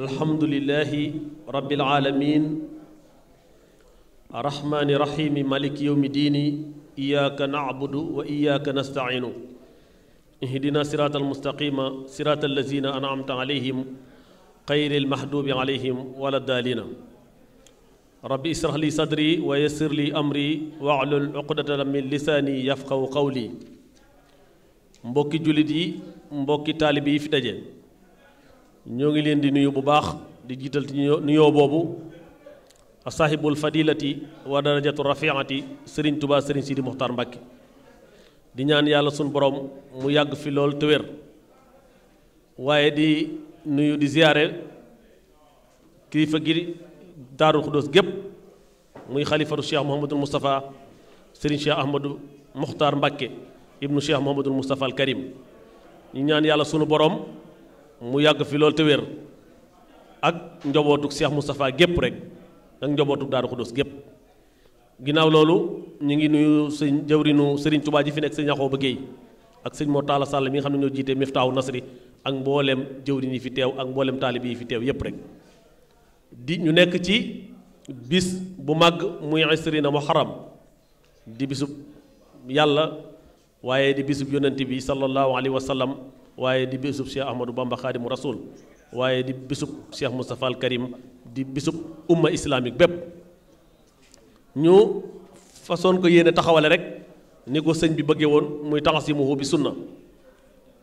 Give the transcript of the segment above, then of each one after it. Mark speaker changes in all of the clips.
Speaker 1: alhamdulillahi rabbil alamin arrahmani rahimi malik yawmi diini iyyaka na'budu wa iyyaka nasta'inu ihdina siratal mustaqima siratal lazina an'amta alayhim ghayril mahdubi alayhim waladdaalina rabbi israh li sadri wa yassir li amri wahlul uqdatan min lisaani yafqahu qawli mbokki jullit yi mbokki taalib yi fi daje ñoo ngi leen di nuyu bu baax di jiital ci nuyoo boobu a sahibul fadilati wa darajatu rafiati sëriñ tubaa sëriñ sidi muxtaar mbàkke di ñaan yàlla suñ borom mu yàgg fi lool te waaye di nuyu di ziyaare kilifa gi daarul xudóos gépp muy xalifatu cheikh mohamadul moustapha sëriñ cheikh ahmadou muxtaar mbàkke ibnu cheikh mohamadul moustapha al karim ñu ñaan yàlla sunu borom mu yàgg fi loolu te wér ak njobootug Cheikh Moustapha gépp rek ak njobootug Daaru Xudus gépp ginnaaw loolu ñu ngi nuyu sëñ jëwrinu Serigne Touba ji fi nekk sëñ Yaxooba Géey ak sëñ moo Talla Sall mi nga xam ne ñoo jiite Miftaahu Nasri ak mboolem jëwrin yi fi teew ak mboolem taalib yi fi teew yépp rek di ñu nekk ci bis bu màgg muy isrina muharram di bisub yàlla waaye di bisub yonent bi sallallahu alayhi wa waaye di bisub Cheikh Ahmadou Bamba Xaadimu Rasul waaye di bisub Cheikh Moustapha al Karim di bisub umma islamique bépp ñu façon ko yéene taxawale rek ni ko sëñ bi bëggee woon muy taxasimuhu bi sunna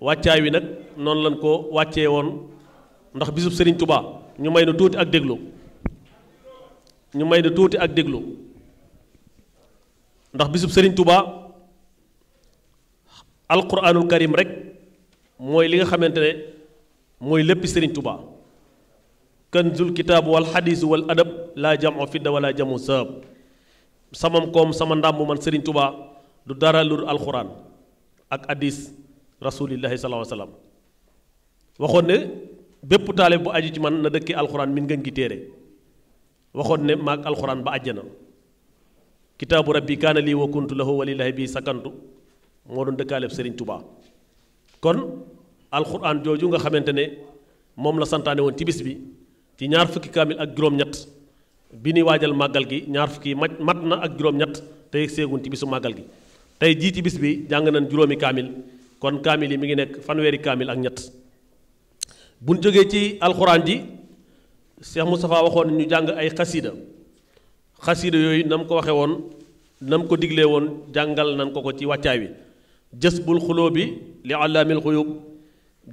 Speaker 1: wàccaay wi nag noonu lañ ko wàccee woon ndax bisub sëriñ tubaa ñu may nu tuuti ak déglu ñu may nu tuuti ak déglu ndax bisub sëriñ tubaa alquranul karim rek mooy li nga xamante ne mooy lépp sëriñ tubaa kanzul kitaabu wal xadiisu wal adab laa jamoo fidda wala jamoo saab samam koom sama ndàmb man sëriñ tubaa du dara lu alxuraan ak addis rasulillahi salaa salaam waxoon ne bépp taalib bu aju ci man na dëkke alxuraan min ngeen gi téere waxoon ne maag alxuraan ba àjjana kitaabu rabbi kaana lii wa kuntu lahu wa lillaahi bii sakantu moo doon dëkkaaleb sëriñ tubaa kon alxuraan jooju nga xamante ne moom la santaane woon ci bis bi ci ñaar fukki kaamil ak juróom-ñett bi ñuy waajal màggal gi ñaar fukki mat na ak juróom-ñett tey seegun ci bisu màggal gi tey jii ci bis bi jàng nañ juróomi kaamil kon kaamil yi mi ngi nekk fanweeri kaamil ak ñett buñ jógee ci alxuraan ji Cheikh Moustapha waxoon ñu jàng ay xasiida xasiida yooyu na ko waxe woon na ko diglee woon jàngal nañ ko ko ci wàccaay wi jës bul xuloo bi li àllaamil xuyub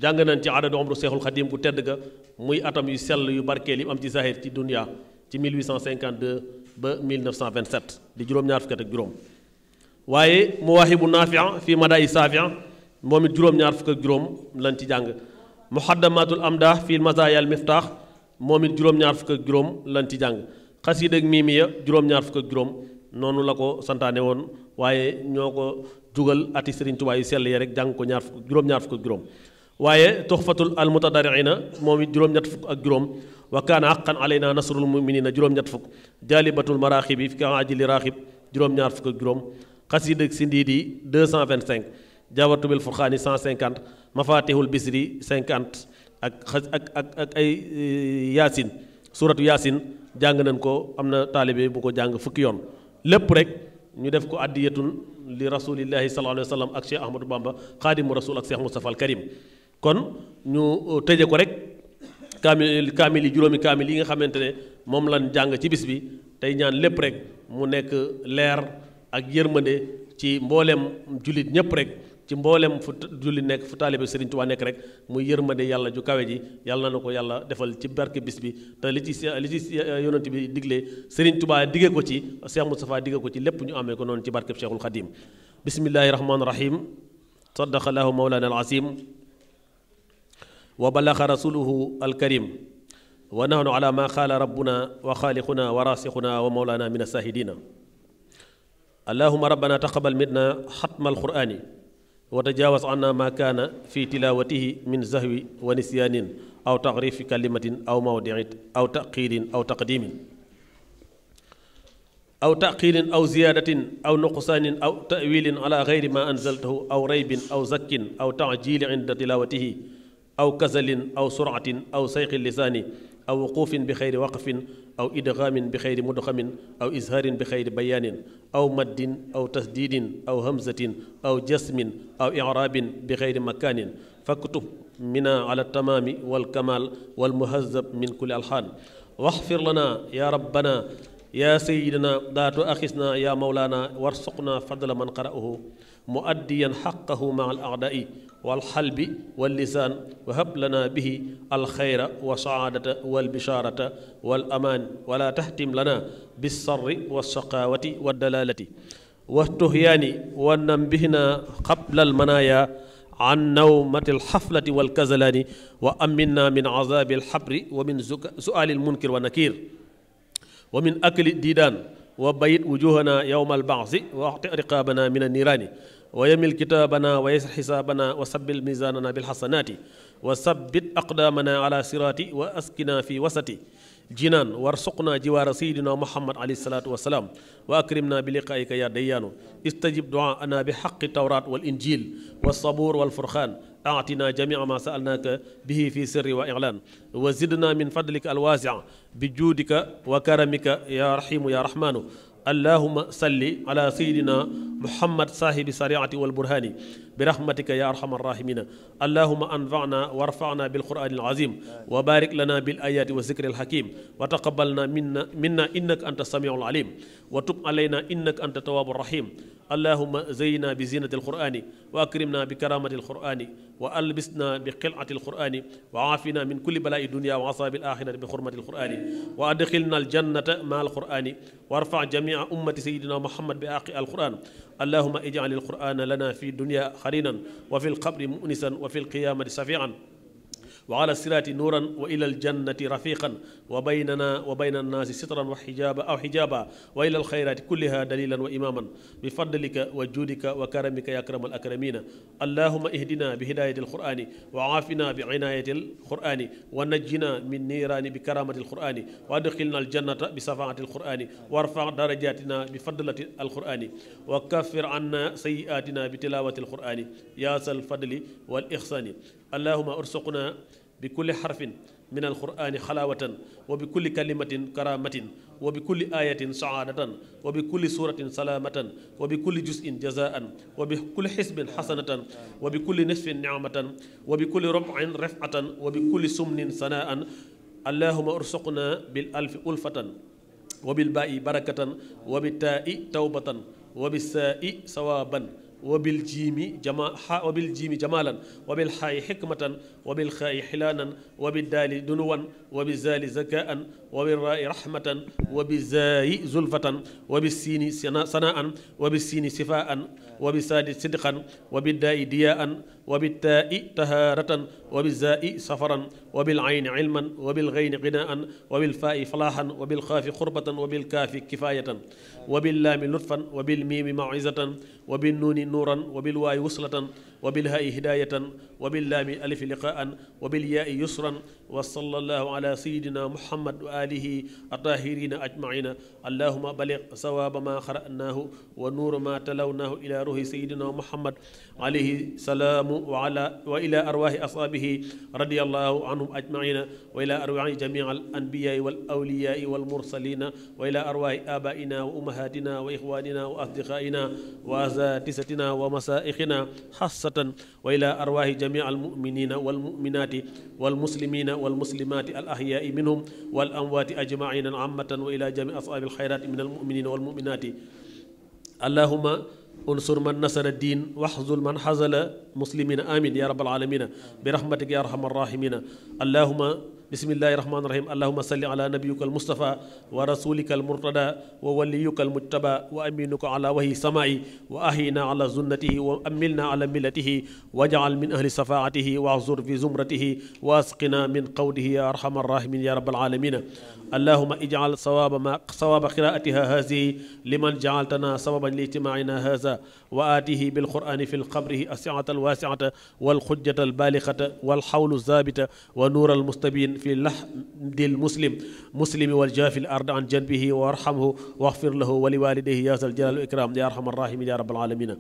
Speaker 1: jàng nañ ci adadu umru seexul xadim bu tedd ga muy atam yu sell yu barkeel yi am ci zahir ci dunia ci 1852 ba 1927 di juróom-ñaar fukki at ak juróom waaye mawaahibu naafia fii madaayi saafia moom it juróom-ñaar fukk ak juróom lañ ci jàng muxaddamaatul amdah fii masaayal miftaax moom it juróom-ñaar fukk ak juróom lañ ci jàng xasiid ak miimiya juróom-ñaar fukk ak juróom noonu la ko santaane woon waaye ñoo ko jugal ati Serigne Touba yu sell ya rek jàng ko ñaar fukk juróom-ñaar fukk ak juróom waaye tuxfatul almutadariina moom it juróom-ñett fukk ak juróom wa kaana haqqan alayna nasrul muminina juróom-ñett fukk jaalibatul maraaxibi fi ka ajili raaxib juróom-ñaar fukk ak juróom xasiid ak sindiid yi 225 jaawatu bil furxaani 150 mafatihul bisri 50 ak ak ak ak ay eh, yaasin suuratu yaasin jàng nañ ko am na taalibe bu ko jàng fukki yoon lépp rek ñu def ko addiyatun li rasulillahi sallallahu alayhi wa sallam ak Cheikh Ahmadou Bamba xaadimu rasul ak Cheikh Moustapha Karim kon ñu euh, tëje ko rek kaamil kaamil yi juróomi kaamil yi nga xamante ne moom lan jàng ci bis bi tey ñaan lépp rek mu nekk leer ak yërmande ci mbooleem jullit ñépp rek ci mboolem fu julli nekk fu taalibe Sëriñ Tuubaa nekk rek muy yërmande yàlla ju kawe ji yàlla na ko yàlla defal ci barke bi te li ci li ci eh, yonent bi diglee Sëriñ Tuubaa digge ko ci Cheikh Moustapha digge ko ci lépp ñu amee ko noonu ci barkeb Cheikhul Xadim bismillahi rahmaani rahim sadaqa lahu mawlana al-azim wa balaxa rasuluhu alkarim wa nahnu ma qaala rabbuna wa xaaliquna wa raasixuna wa mawlana min asahidina allahuma rabbana taqabal wa tajawas anna ma kaana fi tilawatihi min zahwi wa nisyanin aw taxrifi kalimatin aw mawdiit aw taqiilin aw taqdimin aw taqiilin aw ziyaadatin aw nuqsaanin aw tawilin ala geyri ma anzaltahu aw raybin aw zakkin aw tajiili inda tilawatihi aw kasalin aw suratin aw sayqi lisaani aw wuquufin bi xayri waqfin aw idghaamin bi xayri mudxamin aw izhaarin bi xayri bayaanin aw maddin aw tasdiidin aw hamzatin aw jasmin aw i'raabin bi xayri makaanin faktub mina ala tamaami wal kamaal wal muhazzab min kulli alxaan waxfir lana yaa rabbana yaa sayidana daatu axisna yaa mawlaana warsuqna fadla man qara'ahu muaddiyan xaqahu maa al aadai walxalbi wallisaan wa hab lana bihi alxayra wa saadata walbishaarata wal amaan wala taxtim lana bissarri walsaqaawati waddalaalati waltuhyaani wa nam bihna qabla almanaaya an nawmati alxaflati walkazalaani wa aminna min azaabi alxabri wa min suaali almunkir wa nakiir wa min akli diidaan wa bayit wujuhana yowma albaasi wa axti riqaabana min anniiraani wa yamil kitaabana wa yasr xisaabana wa sabbil miisaanana bilxasanaati wa sabbit aqdaamana ala siraati wa askina fi wasati jinaan warsuqnaa jiwaara sayidina muhammad alayhi salaatu wa salaam wa akrim naa bi liqaayika yaa dayyaanu istajib duaa ana bi xaqi tawraat wal injil wa sabuur wal furxaan aatina jamia ma saalnaaka bihi fi sirri wa ilaan wa zidna min fadlika alwaasia bi juudika wa karamika yaa raxiimu yaa raxmaanu allahuma salli ala sayidina محمد صاحب الشريعة والبرهان برحمتك يا أرحم الراحمين اللهم أنفعنا وارفعنا بالقرآن العظيم وبارك لنا بالآيات والذكر الحكيم وتقبلنا منا, منا إنك أنت السميع العليم وتب علينا إنك أنت التواب الرحيم اللهم زينا بزينة القرآن وأكرمنا بكرامة القرآن وألبسنا بقلعة القرآن وعافنا من كل بلاء الدنيا وعصاب الآخرة بحرمة القرآن وأدخلنا الجنة مع القرآن وارفع جميع أمة سيدنا محمد بآقي القرآن allahuma ij'al alqur'ana lana fi dunya xarinan wa fi lqabri munisan wa fi lqiyamati safian wa ala siraati nuuran wa ila aljannati rafiqan wa baynana wa bayna annaasi sitran wa xijaaba aw xijaaba wa ila alxayraati kulliha dalilan wa imaaman bi fadlika wa juudika wa karamika ya akramal akramina allahuma ihdina bi hidaayati alqur'ani wa aafina bi inaayati alqur'ani wa najjina min niiraani bi karaamati alqur'ani wa adxilna aljannata bi safaati alqur'ani warfa darajatina bi fadlati alqur'ani wa kaffir anna sayi'aatina bi tilaawati alqur'ani yaa sal fadli wal ixsaani allahuma ursuqna bi kulli xarfin min alqurani xalaawatan wa bi kulli kalimatin karamatin wa bi kulli ayatin saadatan wa bi kulli suratin salaamatan wa bi kulli jusin jazaan wa bi kulli xisbin xasanatan wa bi kulli nisfin nicmatan wa bi kulli rubin rifatan wa bi kulli sumnin sanaan allahuma ursuqna bil alfi ulfatan wa bil baa'i barakatan wa bi taa'i tawbatan wa bi saa'i sawaaban wabil jiimi jama wabil jiimi jamaalan wabil xaayi xikmatan wa bil xaa'i xilaanan wa bi daali dunuwan wa bi zaali zakaan wa bi raa'i rahmatan wa bi zaayi zulfatan wa bi siini sanaan wa bi siini sifaan wa bi saadi sidqan wa bi daa'i diyaan wa bi taa'i tahaaratan wa bi zaa'i safaran wa bil ayni ilman wa bil gayni qinaan wa bil faa'i falaaxan wa bil xaafi xurbatan wa bil kaafi kifaayatan wa bil laami lutfan wa bil miimi mawizatan wa bin nuuni nuuran wa bil waayi wuslatan wa bilhaa'i hidaayatan wa billaami alifi liqaan wa bilyaa'i yusran wa sallallahu ala sayidina muhammad wa alihi atahirina ajmaina allahuma baliq sawaaba ma xara'naahu wa nuura ma talawnaahu ila ruuhi sayidina muhammad alayhi salaamu wa ala wa ila arwaahi asaabihi radiallahu anhum ajmaina wa ila arwaahi jamii al anbiyaai wal awliyaai wal mursalina wa ila arwaahi abaina wa umahatina wa ixwanina wa asdiqaina wa asatisatina wa masaaixina xasat kaafatan wa ila arwaahi jamii almuminina walmuminaati walmuslimina walmuslimaati al ahyaai minhum wal amwaati ajmaina amatan wa ila jamii ashaabi alxayraati min almuminina walmuminaati allahuma unsur man nasara diin waxzul man xazala muslimina amin ya rabbal alamina bi rahmatika ya arhamar rahimina allahuma bismillahi rahmaani rahim allahuma salli ala nabiyuka al mustafa wa rasulika al murtada wa waliyuka al mujtaba wa aminuka ala wahyi samaai wa ahina ala zunnatihi wa amilna ala millatihi wajal min ahli safaatihi wa ahzur fi zumratihi wa asqina min qawdihi ya arhamar rahimin ya rabbal alamina allahuma ijal sawaba ma sawaba qiraatiha hazihi liman jaaltana sababan li ijtimaina haza wa aatihi bilqurani fi lqabrihi asiata alwaasiata walxujjata albaaliqata walxawlu zabita wa nuura almustabin fi lahdi lmuslim muslimi waljaafi l ard an janbihi wa arhamhu waxfir lahu wa liwalidayhi ya zal jalali ikram ya arhama arrahimin ya rabbal alamina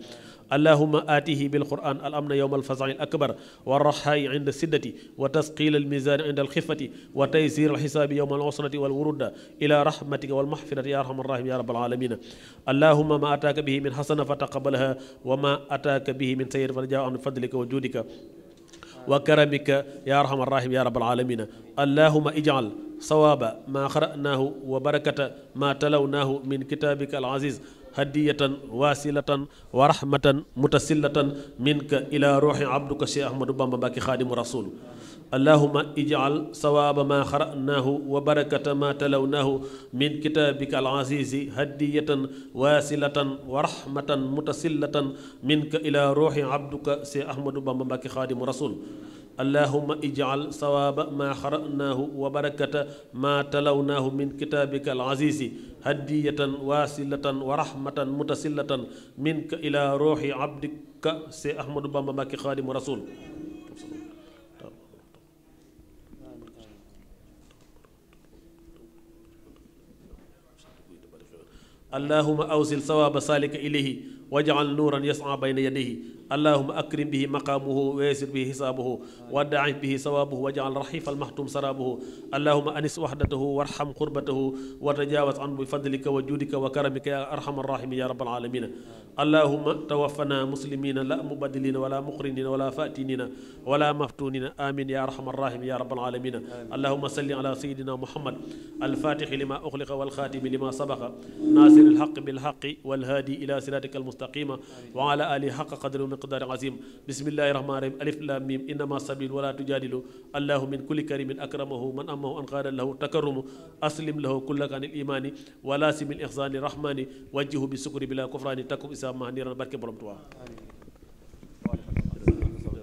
Speaker 1: allahuma aatihi bilquran al amna yowma alfazai al akbar wa arraxaayi inda siddati wa tasqil almisani inda alxifati wa taysir alxisaabi yowma al usrati والرحمة والورود إلى رحمتك والمغفرة يا أرحم الراحمين يا رب العالمين اللهم ما أتاك به من حسنة فتقبلها وما أتاك به من سيئة فرجاء من فضلك وجودك وكرمك يا أرحم الراحمين يا رب العالمين اللهم اجعل صواب ما قرأناه وبركة ما تلوناه من كتابك العزيز hadiyatan wasilatan wa rahmatan mutasillatan minka ila ruuxi abduka cheikh ahmadou bamba mbàkki xaadimu rasul allahuma ijal sawaaba ma xaranaahu wa barakata ma talawnaahu min kitaabika alazizi hadiyatan wasilatan wa rahmatan mutasillatan minka ila ruuxi abduka cheikh ahmadou bamba mbàkki xaadimu rasul allahuma ijcal sawaaba maa xaranaahu wa barakata maa talawnaahu min kitaabika alazizi hadiyatan waasilatan wa rahmatan mutasilatan minka ila ruuxi abdika se ahmadou bamba mbàkke xaadimu rasul allahuma awsil sawaaba saalika ilayhi wajcal nuuran yasca bayna yadayhi allahuma akrim bihi maqaamuhu wa yasir bihi xisaabuhu wa daai bihi sawaabuhu wa jaal raxifa almaxtum saraabuhu allahuma anis waxdatahu warxam xurbatahu wa tajaawaz an bi fadlika wa juudika wa karamika ya arxam arrahimin ya rabbal alamina allahuma tawaffana muslimina la mubadilina wala muqrinina wala fatinina wala maftunina amin ya arxam arrahimin ya rabbal alamina allahuma salli ala sayidina muhammad alfatixi lima uxliqa walxaatimi lima sabaqa nasiri alxaqi bilxaqi walhaadi ila siratika almustaqima wa ala alihi xaqa qadri miqdaari azim bismillahi rahmani rahim alif lam mim innama sabil wala tujadilu allahu min kulli karimin akramahu man amahu an qaada lahu takarumu aslim lahu kullaka anil imani wala simil ihsani rahmani wajjihu bi sukri bila kufrani takum isa mahniran barke borom tuwa